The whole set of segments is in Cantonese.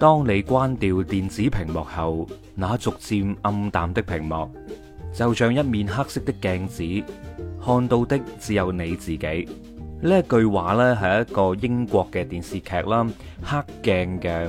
當你關掉電子屏幕後，那逐漸暗淡的屏幕，就像一面黑色的鏡子，看到的只有你自己。呢句話呢，係一個英國嘅電視劇啦，《黑鏡》嘅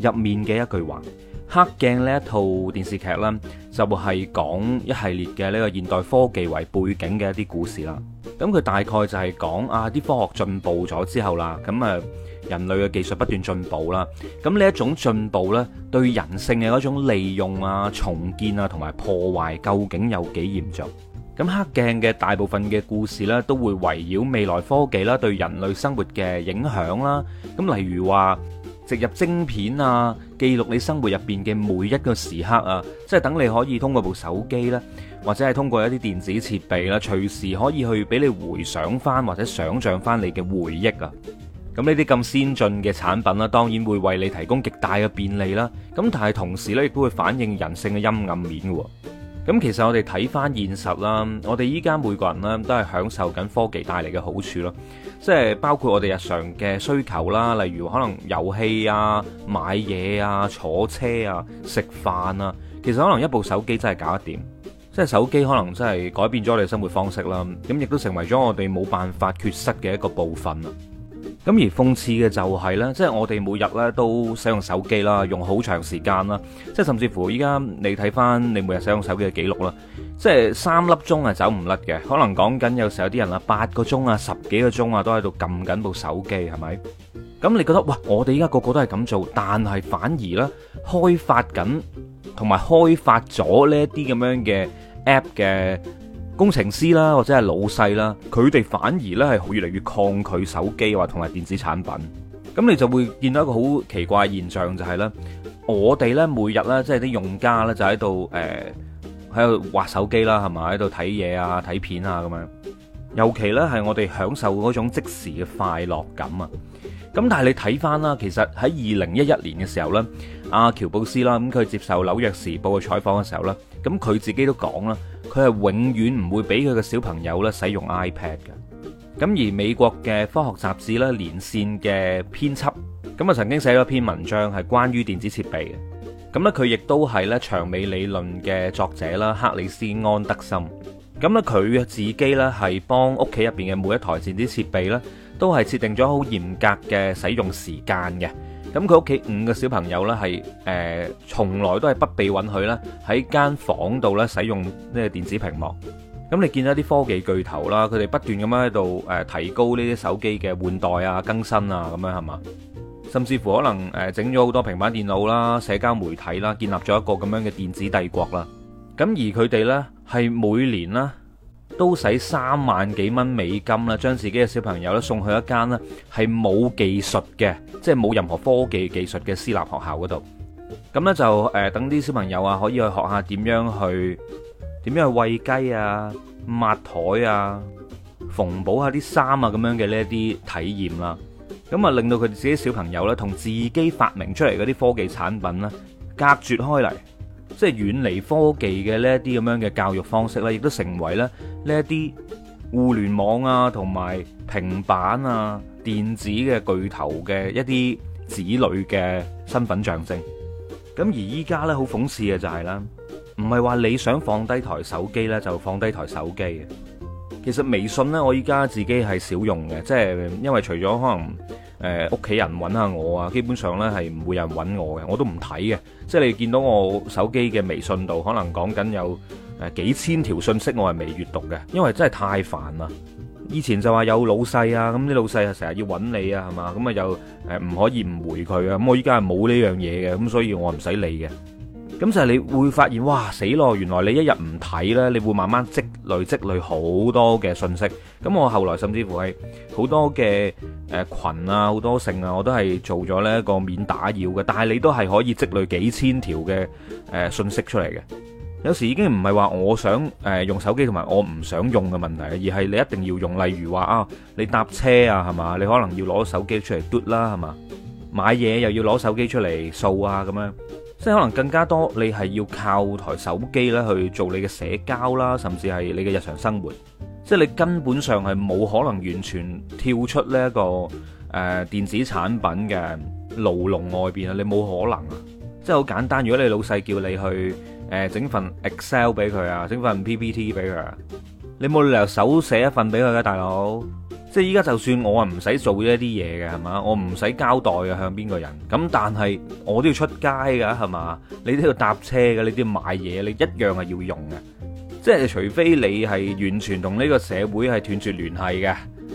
入面嘅一句話，《黑鏡》呢一套電視劇啦,就係講一系列嘅呢個現代科技為背景嘅一啲故事啦。咁佢大概就係講啊，啲科學進步咗之後啦，咁啊。人類嘅技術不斷進步啦，咁呢一種進步呢，對人性嘅嗰種利用啊、重建啊同埋破壞，究竟有幾嚴重？咁黑鏡嘅大部分嘅故事呢，都會圍繞未來科技啦，對人類生活嘅影響啦。咁例如話，植入晶片啊，記錄你生活入邊嘅每一個時刻啊，即係等你可以通過部手機啦，或者係通過一啲電子設備啦，隨時可以去俾你回想返或者想像返你嘅回憶啊。咁呢啲咁先進嘅產品啦，當然會為你提供極大嘅便利啦。咁但係同時呢，亦都會反映人性嘅陰暗面喎。咁其實我哋睇翻現實啦，我哋依家每個人呢都係享受緊科技帶嚟嘅好處囉。即係包括我哋日常嘅需求啦，例如可能遊戲啊、買嘢啊、坐車啊、食飯啊，其實可能一部手機真係搞得掂。即係手機可能真係改變咗我哋生活方式啦。咁亦都成為咗我哋冇辦法缺失嘅一個部分啦。咁而諷刺嘅就係呢，即係我哋每日呢都使用手機啦，用好長時間啦，即係甚至乎依家你睇翻你每日使用手機嘅記錄啦，即係三粒鐘係走唔甩嘅，可能講緊有時候有啲人啊八個鐘啊十幾個鐘啊都喺度撳緊部手機係咪？咁你覺得哇，我哋依家個個都係咁做，但係反而呢開發緊同埋開發咗呢一啲咁樣嘅 App 嘅。工程師啦，或者係老細啦，佢哋反而咧係越嚟越抗拒手機或同埋電子產品。咁你就會見到一個好奇怪嘅現象，就係咧，我哋咧每日咧即係啲用家咧就喺度誒喺度滑手機啦，係咪喺度睇嘢啊、睇片啊咁樣。尤其咧係我哋享受嗰種即時嘅快樂感啊。咁但係你睇翻啦，其實喺二零一一年嘅時候咧，阿喬布斯啦，咁佢接受紐約時報嘅採訪嘅時候咧，咁佢自己都講啦，佢係永遠唔會俾佢嘅小朋友咧使用 iPad 嘅。咁而美國嘅科學雜誌咧連線嘅編輯，咁啊曾經寫咗篇文章係關於電子設備嘅。咁咧佢亦都係咧長尾理論嘅作者啦，克里斯安德森。咁咧佢自己咧係幫屋企入邊嘅每一台電子設備咧，都係設定咗好嚴格嘅使用時間嘅。咁佢屋企五個小朋友咧，係誒從來都係不被允許咧喺間房度咧使用呢個電子屏幕。咁你見到啲科技巨頭啦，佢哋不斷咁樣喺度誒提高呢啲手機嘅換代啊、更新啊，咁樣係嘛？甚至乎可能誒整咗好多平板電腦啦、社交媒體啦，建立咗一個咁樣嘅電子帝國啦。咁而佢哋咧係每年咧。都使三萬幾蚊美金啦，將自己嘅小朋友咧送去一間咧係冇技術嘅，即係冇任何科技技術嘅私立學校嗰度。咁呢，就誒等啲小朋友啊，可以去學下點樣去點樣去餵雞啊、抹台啊、縫補下啲衫啊咁樣嘅呢啲體驗啦。咁啊令到佢哋自己嘅小朋友呢，同自己發明出嚟嗰啲科技產品呢，隔絕開嚟。即係遠離科技嘅呢一啲咁樣嘅教育方式咧，亦都成為咧呢一啲互聯網啊同埋平板啊電子嘅巨頭嘅一啲子女嘅身份象徵。咁而依家咧好諷刺嘅就係啦，唔係話你想放低台手機咧就放低台手機。其實微信咧我依家自己係少用嘅，即係因為除咗可能誒屋企人揾下我啊，基本上咧係唔會有人揾我嘅，我都唔睇嘅。即係你見到我手機嘅微信度，可能講緊有誒幾千條信息，我係未閱讀嘅，因為真係太煩啦。以前就話有老細啊，咁啲老細啊成日要揾你啊，係嘛咁啊又誒唔可以唔回佢啊。咁我依家係冇呢樣嘢嘅，咁所以我唔使理嘅。咁就係你會發現，哇死咯！原來你一日唔睇呢，你會慢慢積累積累好多嘅信息。咁我後來甚至乎係好多嘅誒羣啊，好多性啊，我都係做咗呢一個免打擾嘅，但係你都係可以積累幾千條嘅誒信息出嚟嘅。有時已經唔係話我想、呃、用手機同埋我唔想用嘅問題，而係你一定要用。例如話啊，你搭車啊，係嘛？你可能要攞手機出嚟嘟啦，係嘛？買嘢又要攞手機出嚟掃啊，咁樣。即係可能更加多，你係要靠台手機咧去做你嘅社交啦，甚至係你嘅日常生活。即係你根本上係冇可能完全跳出呢、這、一個誒、呃、電子產品嘅牢籠外邊啊！你冇可能啊！即係好簡單，如果你老細叫你去誒整、呃、份 Excel 俾佢啊，整份 PPT 俾佢啊，你冇理由手寫一份俾佢嘅大佬。即係依家，就算我啊唔使做呢啲嘢嘅，係嘛，我唔使交代啊向邊個人。咁但係我都要出街噶，係嘛，你都要搭車嘅，你都要買嘢，你一樣係要用嘅。即係除非你係完全同呢個社會係斷絕聯繫嘅，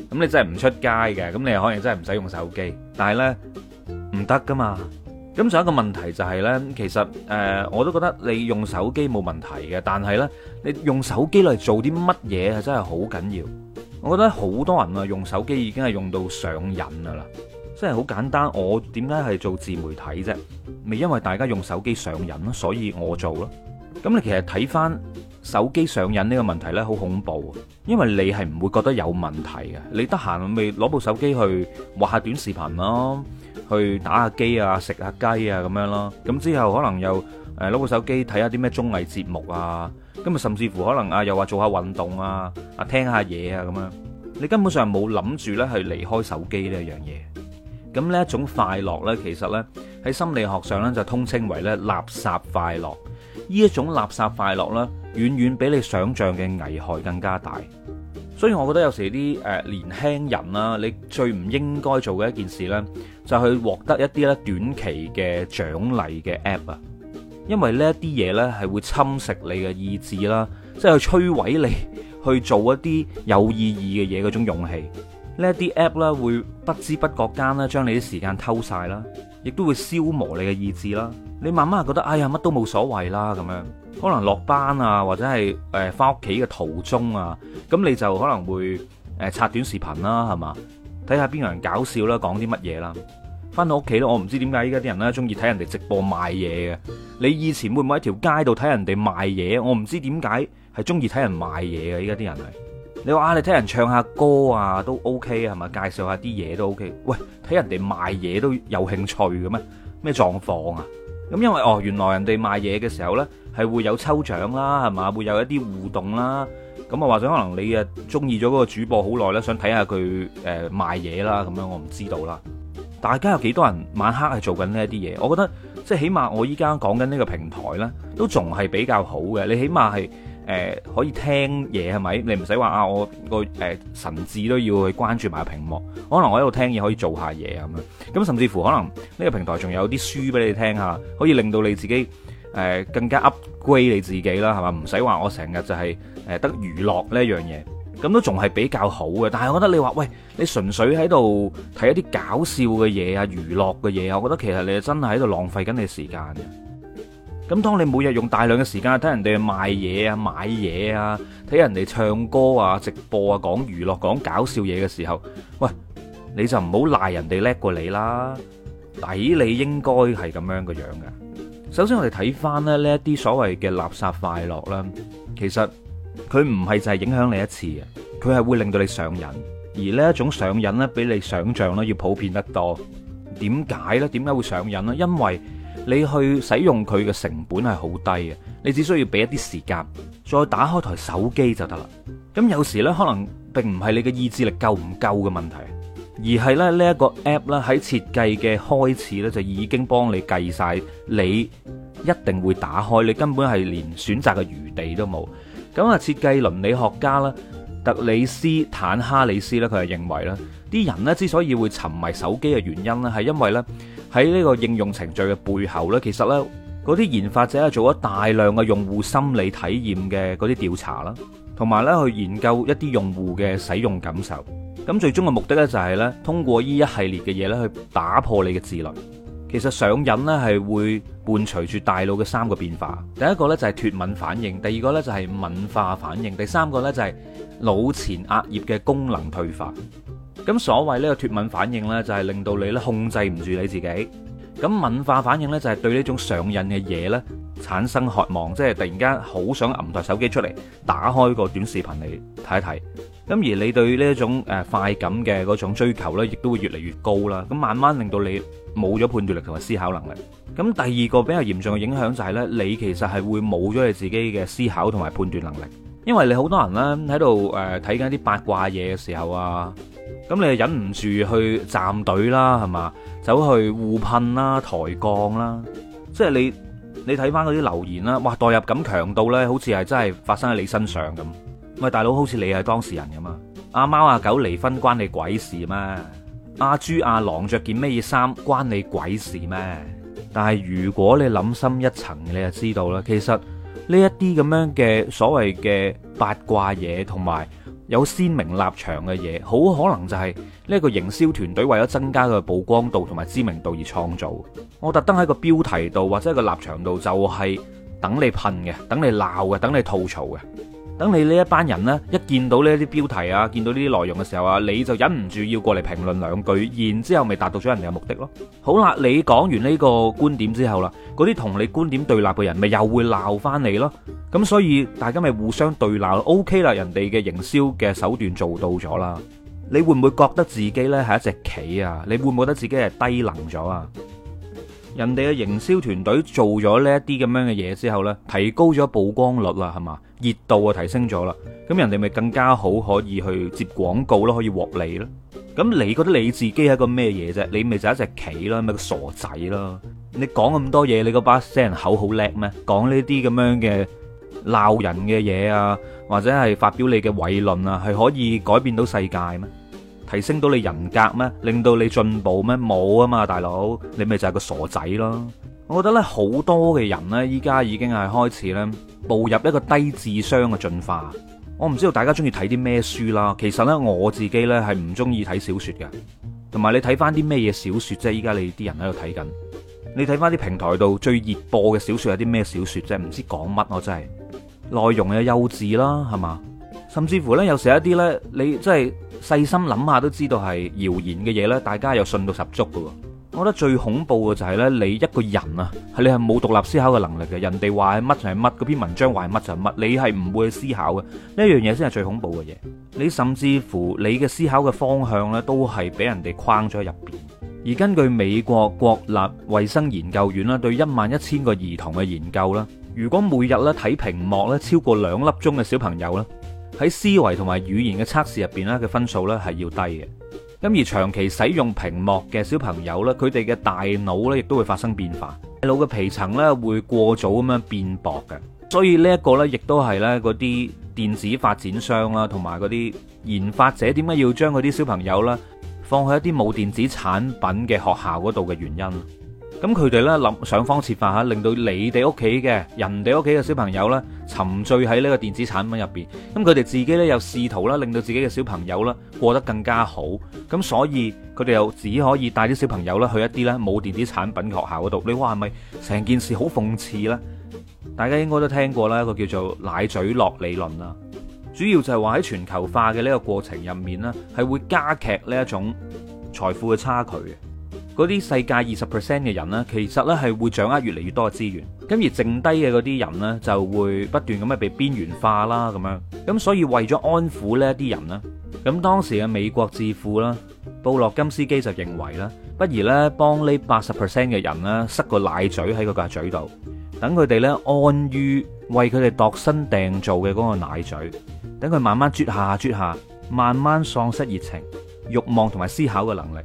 咁你真係唔出街嘅，咁你可能真係唔使用手機。但係咧唔得噶嘛。咁仲有一個問題就係咧，其實誒我都覺得你用手機冇問題嘅，但係咧你用手機嚟做啲乜嘢係真係好緊要。我覺得好多人啊，用手機已經係用到上癮㗎喇，即係好簡單。我點解係做自媒體啫？咪因為大家用手機上癮咯，所以我做咯。咁你其實睇返手機上癮呢個問題呢，好恐怖。因為你係唔會覺得有問題嘅，你得閒咪攞部手機去畫下短視頻咯，去打下機啊，食下雞啊咁樣咯。咁之後可能又誒攞部手機睇下啲咩綜藝節目啊。今日甚至乎可能啊，又話做下運動啊，啊聽下嘢啊咁樣，你根本上冇諗住咧去離開手機呢一樣嘢。咁呢一種快樂呢，其實呢，喺心理學上呢，就通稱為咧垃圾快樂。呢一種垃圾快樂呢，遠遠比你想象嘅危害更加大。所以我覺得有時啲誒年輕人啊，你最唔應該做嘅一件事呢，就係去獲得一啲咧短期嘅獎勵嘅 app 啊。因為呢一啲嘢呢，係會侵蝕你嘅意志啦，即係去摧毀你去做一啲有意義嘅嘢嗰種勇氣。呢一啲 app 啦，會不知不覺間啦將你啲時間偷晒啦，亦都會消磨你嘅意志啦。你慢慢覺得，哎呀，乜都冇所謂啦咁樣。可能落班啊，或者係誒翻屋企嘅途中啊，咁你就可能會誒刷短視頻啦，係嘛，睇下邊個人搞笑啦，講啲乜嘢啦。翻到屋企咧，我唔知點解依家啲人咧中意睇人哋直播賣嘢嘅。你以前會唔會喺條街度睇人哋賣嘢？我唔知點解係中意睇人賣嘢嘅。依家啲人係你話啊，你睇人唱下歌啊都 OK 係咪？介紹下啲嘢都 OK。喂，睇人哋賣嘢都有興趣嘅咩？咩狀況啊？咁因為哦，原來人哋賣嘢嘅時候呢，係會有抽獎啦，係嘛？會有一啲互動啦。咁啊，或者可能你啊中意咗嗰個主播好耐、呃、啦，想睇下佢誒賣嘢啦。咁樣我唔知道啦。大家有幾多人晚黑係做緊呢一啲嘢？我覺得即係起碼我依家講緊呢個平台咧，都仲係比較好嘅。你起碼係誒可以聽嘢係咪？你唔使話啊，我個誒神智都要去關注埋屏幕。可能我喺度聽嘢可以做下嘢咁樣。咁甚至乎可能呢個平台仲有啲書俾你聽下，可以令到你自己誒更加 upgrade 你自己啦，係嘛？唔使話我成日就係誒得娛樂呢一樣嘢。咁都仲係比較好嘅，但係我覺得你話喂，你純粹喺度睇一啲搞笑嘅嘢啊、娛樂嘅嘢啊，我覺得其實你真係喺度浪費緊你時間嘅。咁當你每日用大量嘅時間睇人哋賣嘢啊、買嘢啊、睇人哋唱歌啊、直播啊、講娛樂講搞笑嘢嘅時候，喂，你就唔好賴人哋叻過你啦，抵你應該係咁樣嘅樣嘅。首先我哋睇翻咧呢一啲所謂嘅垃圾快樂啦，其實。佢唔係就係影響你一次嘅，佢係會令到你上癮。而呢一種上癮咧，比你想象咧要普遍得多。點解咧？點解會上癮咧？因為你去使用佢嘅成本係好低嘅，你只需要俾一啲時間，再打開台手機就得啦。咁有時呢，可能並唔係你嘅意志力夠唔夠嘅問題，而係咧呢一個 app 咧喺設計嘅開始呢就已經幫你計晒，你一定會打開，你根本係連選擇嘅餘地都冇。咁啊，設計倫理學家啦，特里斯坦哈里斯咧，佢係認為咧，啲人呢之所以會沉迷手機嘅原因呢，係因為呢喺呢個應用程序嘅背後呢，其實呢，嗰啲研發者做咗大量嘅用戶心理體驗嘅嗰啲調查啦，同埋呢去研究一啲用戶嘅使用感受。咁最終嘅目的呢，就係呢通過呢一系列嘅嘢呢，去打破你嘅自律。其實上癮呢係會伴隨住大腦嘅三個變化，第一個呢就係脫敏反應，第二個呢就係敏化反應，第三個呢就係腦前額葉嘅功能退化。咁所謂呢個脫敏反應呢，就係令到你咧控制唔住你自己。咁文化反應呢，就係對呢種上癮嘅嘢呢產生渴望，即係突然間好想揞台手機出嚟，打開個短視頻嚟睇一睇。咁而你對呢一種快感嘅嗰種追求呢，亦都會越嚟越高啦。咁慢慢令到你冇咗判斷力同埋思考能力。咁第二個比較嚴重嘅影響就係呢，你其實係會冇咗你自己嘅思考同埋判斷能力，因為你好多人呢，喺度睇緊啲八卦嘢嘅時候啊。咁你又忍唔住去站隊啦，係嘛？走去互噴啦、抬槓啦，即係你你睇翻嗰啲留言啦，哇代入感強到呢，好似係真係發生喺你身上咁。喂，大佬好似你係當事人噶嘛？阿貓阿狗離婚關你鬼事咩？阿豬阿狼着件咩嘢衫關你鬼事咩？但係如果你諗深一層，你就知道啦，其實呢一啲咁樣嘅所謂嘅八卦嘢同埋。有鮮明立場嘅嘢，好可能就係呢個營銷團隊為咗增加佢嘅曝光度同埋知名度而創造。我特登喺個標題度或者個立場度就係等你噴嘅，等你鬧嘅，等你吐槽嘅。等你呢一班人呢，一見到呢啲標題啊，見到呢啲內容嘅時候啊，你就忍唔住要過嚟評論兩句，然之後咪達到咗人哋嘅目的咯。好啦，你講完呢個觀點之後啦，嗰啲同你觀點對立嘅人咪又會鬧翻你咯。咁所以大家咪互相對鬧，OK 啦。人哋嘅營銷嘅手段做到咗啦，你會唔會覺得自己呢係一隻棋啊？你會唔會覺得自己係低能咗啊？人哋嘅營銷團隊做咗呢一啲咁樣嘅嘢之後呢，提高咗曝光率啦，係嘛，熱度啊提升咗啦，咁人哋咪更加好可以去接廣告咯，可以獲利咯。咁你覺得你自己係個咩嘢啫？你咪就一隻棋啦，咪個傻仔咯。你講咁多嘢，你個把聲人口好叻咩？講呢啲咁樣嘅鬧人嘅嘢啊，或者係發表你嘅偉論啊，係可以改變到世界咩？提升到你人格咩？令到你進步咩？冇啊嘛，大佬，你咪就係個傻仔咯！我覺得咧，好多嘅人呢，依家已經係開始咧步入一個低智商嘅進化。我唔知道大家中意睇啲咩書啦。其實呢，我自己呢係唔中意睇小說嘅。同埋你睇翻啲咩嘢小說啫？依家你啲人喺度睇緊，你睇翻啲平台度最熱播嘅小說有啲咩小說啫？唔知講乜我真係內容又幼稚啦，係嘛？甚至乎呢，有時有一啲呢，你真係細心諗下都知道係謠言嘅嘢呢，大家又信到十足喎。我覺得最恐怖嘅就係呢：你一個人啊，係你係冇獨立思考嘅能力嘅。人哋話係乜就係乜，嗰篇文章話係乜就係乜，你係唔會去思考嘅呢一樣嘢，先係最恐怖嘅嘢。你甚至乎你嘅思考嘅方向呢，都係俾人哋框咗喺入邊。而根據美國國立衛生研究院啦，對一萬一千個兒童嘅研究啦，如果每日呢睇屏幕呢，超過兩粒鐘嘅小朋友呢。喺思維同埋語言嘅測試入邊咧，嘅分數咧係要低嘅。咁而長期使用屏幕嘅小朋友咧，佢哋嘅大腦咧亦都會發生變化，腦嘅皮層咧會過早咁樣變薄嘅。所以呢一個咧，亦都係咧嗰啲電子發展商啊，同埋嗰啲研發者點解要將嗰啲小朋友咧放喺一啲冇電子產品嘅學校嗰度嘅原因。咁佢哋呢，諗想方設法令到你哋屋企嘅人哋屋企嘅小朋友呢，沉醉喺呢個電子產品入面。咁佢哋自己呢又試圖啦，令到自己嘅小朋友啦過得更加好。咁所以佢哋又只可以帶啲小朋友啦去一啲呢冇電子產品學校嗰度。你話係咪成件事好諷刺呢？大家應該都聽過啦，一個叫做奶嘴樂理論啦。主要就係話喺全球化嘅呢個過程入面咧，係會加劇呢一種財富嘅差距嗰啲世界二十 percent 嘅人呢，其實呢，係會掌握越嚟越多嘅資源，咁而剩低嘅嗰啲人呢，就會不斷咁樣被邊緣化啦，咁樣，咁所以為咗安撫呢一啲人呢，咁當時嘅美國智庫啦，布洛金斯基就認為啦，不如呢，幫呢八十 percent 嘅人呢，塞個奶嘴喺佢個嘴度，等佢哋呢，安於為佢哋度身訂做嘅嗰個奶嘴，等佢慢慢啜下啜下，慢慢喪失熱情、欲望同埋思考嘅能力。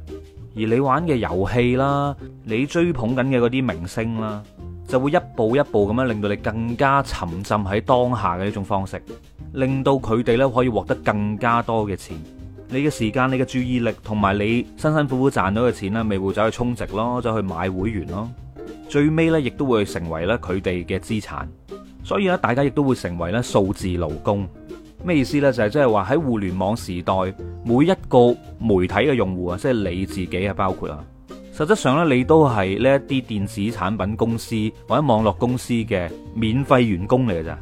而你玩嘅遊戲啦，你追捧緊嘅嗰啲明星啦，就會一步一步咁樣令到你更加沉浸喺當下嘅一種方式，令到佢哋呢可以獲得更加多嘅錢。你嘅時間、你嘅注意力同埋你辛辛苦苦賺到嘅錢咧，咪會走去充值咯，走去買會員咯，最尾呢，亦都會成為咧佢哋嘅資產。所以咧，大家亦都會成為咧數字勞工。咩意思呢？就係即係話喺互聯網時代，每一個媒體嘅用戶啊，即係你自己啊，包括啊，實質上呢，你都係呢一啲電子產品公司或者網絡公司嘅免費員工嚟嘅咋。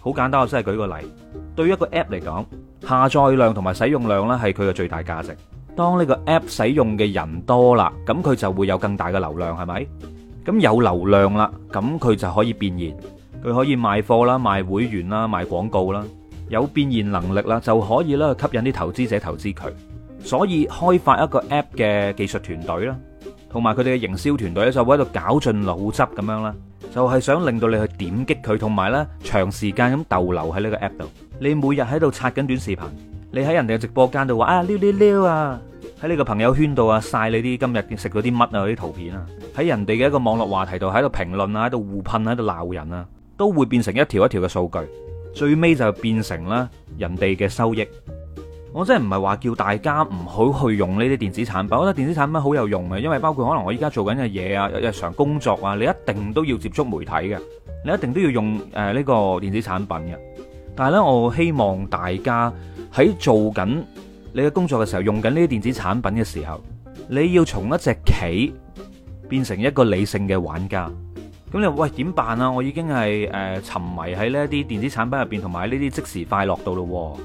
好簡單，我真係舉個例，對於一個 app 嚟講，下載量同埋使用量呢係佢嘅最大價值。當呢個 app 使用嘅人多啦，咁佢就會有更大嘅流量，係咪？咁有流量啦，咁佢就可以變現，佢可以賣貨啦、賣會員啦、賣廣告啦。有變現能力啦，就可以咧吸引啲投資者投資佢。所以開發一個 App 嘅技術團隊啦，同埋佢哋嘅營銷團隊咧就會喺度絞盡腦汁咁樣啦，就係想令到你去點擊佢，同埋咧長時間咁逗留喺呢個 App 度。你每日喺度刷緊短視頻，你喺人哋嘅直播間度話啊撩撩撩啊，喺你嘅朋友圈度啊曬你啲今日食咗啲乜啊嗰啲圖片啊，喺人哋嘅一個網絡話題度喺度評論啊，喺度互噴啊，喺度鬧人啊，都會變成一條一條嘅數據。最尾就變成啦人哋嘅收益。我真係唔係話叫大家唔好去用呢啲電子產品，我覺得電子產品好有用嘅，因為包括可能我依家做緊嘅嘢啊，日常工作啊，你一定都要接觸媒體嘅，你一定都要用誒呢個電子產品嘅。但係咧，我希望大家喺做緊你嘅工作嘅時候，用緊呢啲電子產品嘅時候，你要從一隻棋變成一個理性嘅玩家。咁你喂點辦啊？我已經係誒、呃、沉迷喺呢一啲電子產品入邊，同埋呢啲即時快樂度咯。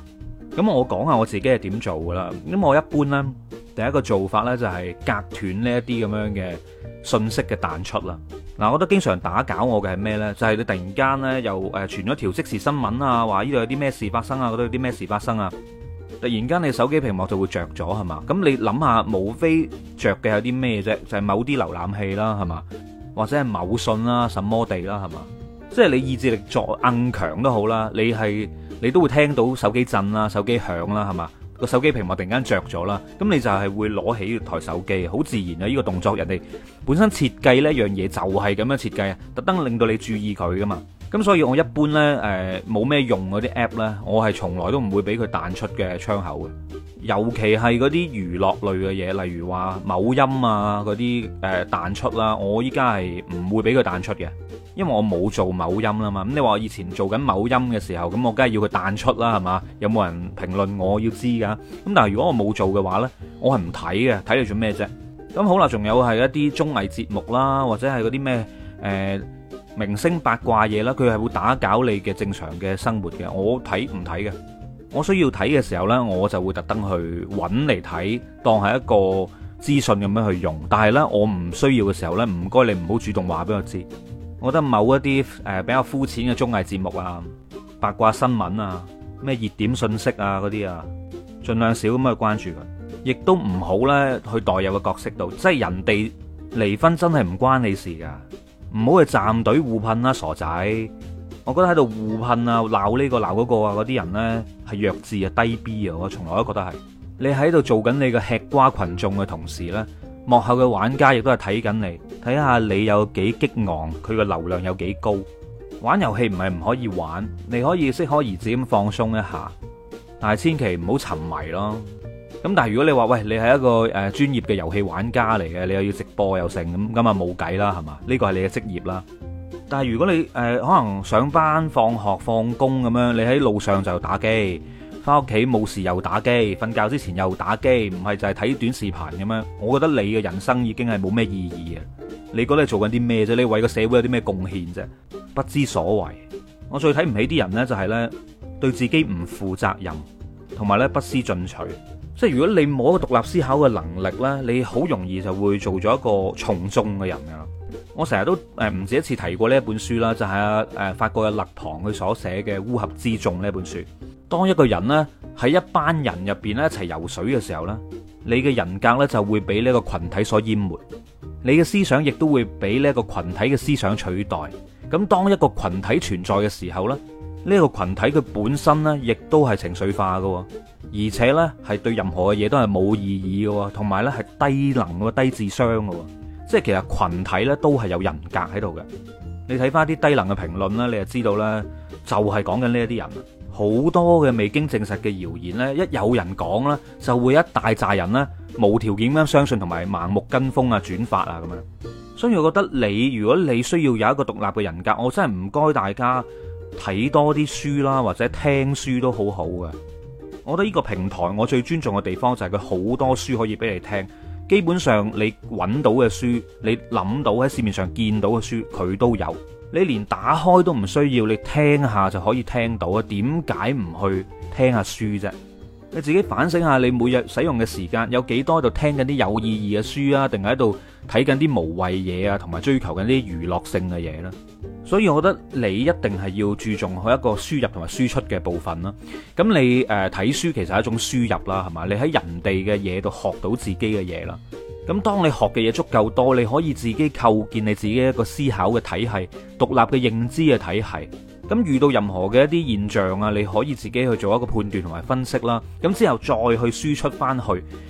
咁我講下我自己係點做噶啦。咁我一般呢，第一個做法呢，就係、是、隔斷呢一啲咁樣嘅信息嘅彈出啦。嗱，我都經常打攪我嘅係咩呢？就係、是、你突然間呢，又誒傳咗條即時新聞啊，話呢度有啲咩事發生啊，嗰度有啲咩事，啊、事發生啊。突然間你手機屏幕就會着咗係嘛？咁你諗下，無非着嘅有啲咩啫？就係、是、某啲瀏覽器啦係嘛？或者係某信啦，什麼地啦，係嘛？即係你意志力作硬強都好啦，你係你都會聽到手機震啦，手機響啦，係嘛？個手機屏幕突然間着咗啦，咁你就係會攞起台手機，好自然啊！呢個動作，人哋本身設計呢樣嘢就係咁樣設計，特登令到你注意佢噶嘛。咁所以，我一般呢，呃、冇咩用嗰啲 app 呢，我係從來都唔會俾佢彈出嘅窗口嘅。尤其係嗰啲娛樂類嘅嘢，例如話某音啊嗰啲、呃、彈出啦，我依家係唔會俾佢彈出嘅，因為我冇做某音啦嘛。咁你話以前做緊某音嘅時候，咁我梗係要佢彈出啦，係嘛？有冇人評論，我要知㗎。咁但係如果我冇做嘅話呢，我係唔睇嘅，睇你做咩啫？咁好啦，仲有係一啲綜藝節目啦，或者係嗰啲咩明星八卦嘢啦，佢係會打攪你嘅正常嘅生活嘅。我睇唔睇嘅？我需要睇嘅時候呢，我就會特登去揾嚟睇，當係一個資訊咁樣去用。但係呢，我唔需要嘅時候呢，唔該你唔好主動話俾我知。我覺得某一啲誒，比較膚淺嘅綜藝節目啊、八卦新聞啊、咩熱點信息啊嗰啲啊，盡量少咁去關注佢。亦都唔好呢去代入個角色度，即係人哋離婚真係唔關你事噶。唔好去站隊互噴啦，傻仔！我覺得喺度互噴啊，鬧呢個鬧嗰個啊，嗰啲人呢，係弱智啊，低 B 啊！我從來都覺得係你喺度做緊你嘅吃瓜群眾嘅同時呢，幕後嘅玩家亦都係睇緊你，睇下你有幾激昂，佢嘅流量有幾高。玩遊戲唔係唔可以玩，你可以適可而止咁放鬆一下，但係千祈唔好沉迷咯。咁但係如果你話喂你係一個專業嘅遊戲玩家嚟嘅，你又要直播又成咁，咁啊冇計啦，係嘛？呢個係你嘅職業啦。但係如果你、呃、可能上班、放學、放工咁樣，你喺路上就打機，返屋企冇事又打機，瞓覺之前又打機，唔係就係睇短視頻咁樣。我覺得你嘅人生已經係冇咩意義嘅。你覺得你做緊啲咩啫？你為個社會有啲咩貢獻啫？不知所謂。我最睇唔起啲人呢，就係呢對自己唔負責任，同埋呢不思進取。即係如果你冇一個獨立思考嘅能力咧，你好容易就會做咗一個從眾嘅人㗎啦。我成日都誒唔止一次提過呢一本書啦，就係、啊、誒法國嘅勒龐佢所寫嘅《烏合之眾》呢本書。當一個人咧喺一班人入邊咧一齊游水嘅時候咧，你嘅人格咧就會被呢個群體所淹沒，你嘅思想亦都會被呢一個羣體嘅思想取代。咁當一個群體存在嘅時候咧，呢、呢、一個羣體佢本身呢亦都係情緒化嘅。而且呢，係對任何嘅嘢都係冇意義嘅喎，同埋呢係低能嘅、低智商嘅喎。即係其實群體呢都係有人格喺度嘅。你睇翻啲低能嘅評論啦，你就知道呢，就係講緊呢一啲人。好多嘅未經證實嘅謠言呢，一有人講呢，就會一大扎人呢，無條件咁相信同埋盲目跟風啊、轉發啊咁樣。所以，我覺得你如果你需要有一個獨立嘅人格，我真係唔該大家睇多啲書啦，或者聽書都好好嘅。我覺得呢個平台，我最尊重嘅地方就係佢好多書可以俾你聽。基本上你揾到嘅書，你諗到喺市面上見到嘅書，佢都有。你連打開都唔需要，你聽下就可以聽到啊。點解唔去聽下書啫？你自己反省下，你每日使用嘅時間有幾多喺度聽緊啲有意義嘅書啊？定係喺度睇緊啲無謂嘢啊？同埋追求緊啲娛樂性嘅嘢呢？所以，我覺得你一定係要注重佢一個輸入同埋輸出嘅部分啦。咁你誒睇、呃、書其實係一種輸入啦，係嘛？你喺人哋嘅嘢度學到自己嘅嘢啦。咁當你學嘅嘢足夠多，你可以自己構建你自己一個思考嘅體系、獨立嘅認知嘅體系。咁遇到任何嘅一啲現象啊，你可以自己去做一個判斷同埋分析啦。咁之後再去輸出返去，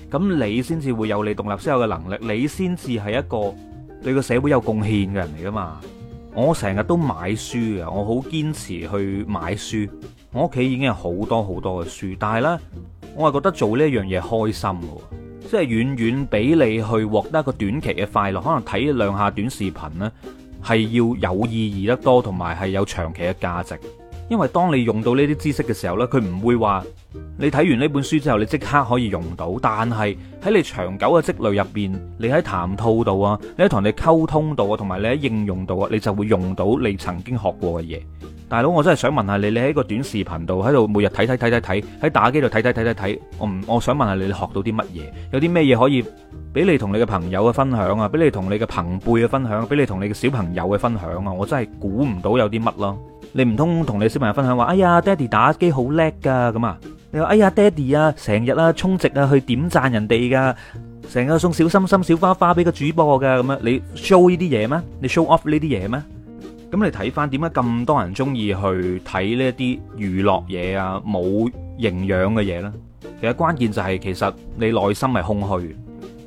咁你先至會有你獨立思考嘅能力，你先至係一個對個社會有貢獻嘅人嚟㗎嘛。我成日都買書啊。我好堅持去買書。我屋企已經有好多好多嘅書，但係呢，我係覺得做呢樣嘢開心嘅，即係遠遠比你去獲得一個短期嘅快樂，可能睇兩下短視頻呢，係要有意義得多，同埋係有長期嘅價值。因為當你用到呢啲知識嘅時候呢，佢唔會話你睇完呢本書之後你即刻可以用到，但係喺你長久嘅積累入邊，你喺談吐度啊，你喺同你溝通度啊，同埋你喺應用度啊，你就會用到你曾經學過嘅嘢。大佬，我真係想問下你，你喺個短視頻度喺度每日睇睇睇睇睇，喺打機度睇睇睇睇睇，我唔，我想問下你，你學到啲乜嘢？有啲咩嘢可以俾你同你嘅朋友嘅分享啊？俾你同你嘅朋輩嘅分享，俾你同你嘅小朋友嘅分享啊？我真係估唔到有啲乜咯～你唔通同你小朋友分享話：哎呀，爹哋打機好叻噶咁啊！你話：哎呀，爹哋啊，成日啊充值啊，去點讚人哋噶，成日送小心心、小花花俾個主播噶咁樣，你 show 呢啲嘢咩？你 show off 呢啲嘢咩？咁你睇翻點解咁多人中意去睇呢一啲娛樂嘢啊，冇營養嘅嘢咧？其實關鍵就係其實你內心係空虛。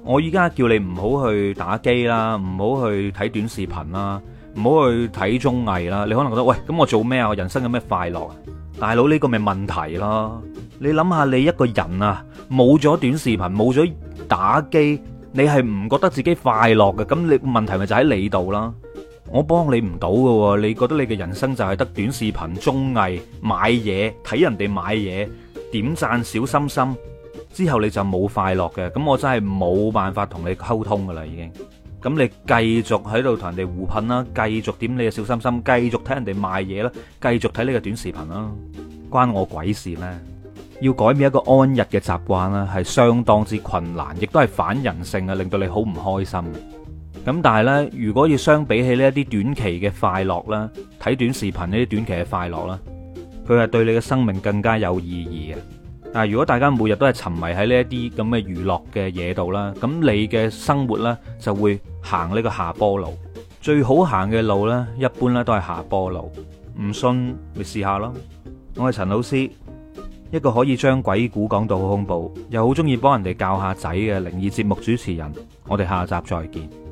我依家叫你唔好去打機啦，唔好去睇短視頻啦。唔好去睇綜藝啦，你可能覺得喂，咁我做咩啊？我人生有咩快樂啊？大佬呢個咪問題咯。你諗下你一個人啊，冇咗短視頻，冇咗打機，你係唔覺得自己快樂嘅？咁你問題咪就喺你度啦。我幫你唔到嘅，你覺得你嘅人生就係得短視頻、綜藝、買嘢、睇人哋買嘢、點讚、小心心，之後你就冇快樂嘅。咁我真係冇辦法同你溝通嘅啦，已經。咁你繼續喺度同人哋互噴啦，繼續點你嘅小心心，繼續睇人哋賣嘢啦，繼續睇呢個短視頻啦，關我鬼事咩？要改變一個安逸嘅習慣啦，係相當之困難，亦都係反人性啊，令到你好唔開心。咁但係呢，如果要相比起呢一啲短期嘅快樂啦，睇短視頻呢啲短期嘅快樂啦，佢係對你嘅生命更加有意義嘅。嗱，如果大家每日都係沉迷喺呢一啲咁嘅娛樂嘅嘢度啦，咁你嘅生活呢就會行呢個下坡路。最好行嘅路呢，一般呢都係下坡路。唔信，你試下咯。我係陳老師，一個可以將鬼故講到好恐怖，又好中意幫人哋教下仔嘅靈異節目主持人。我哋下集再見。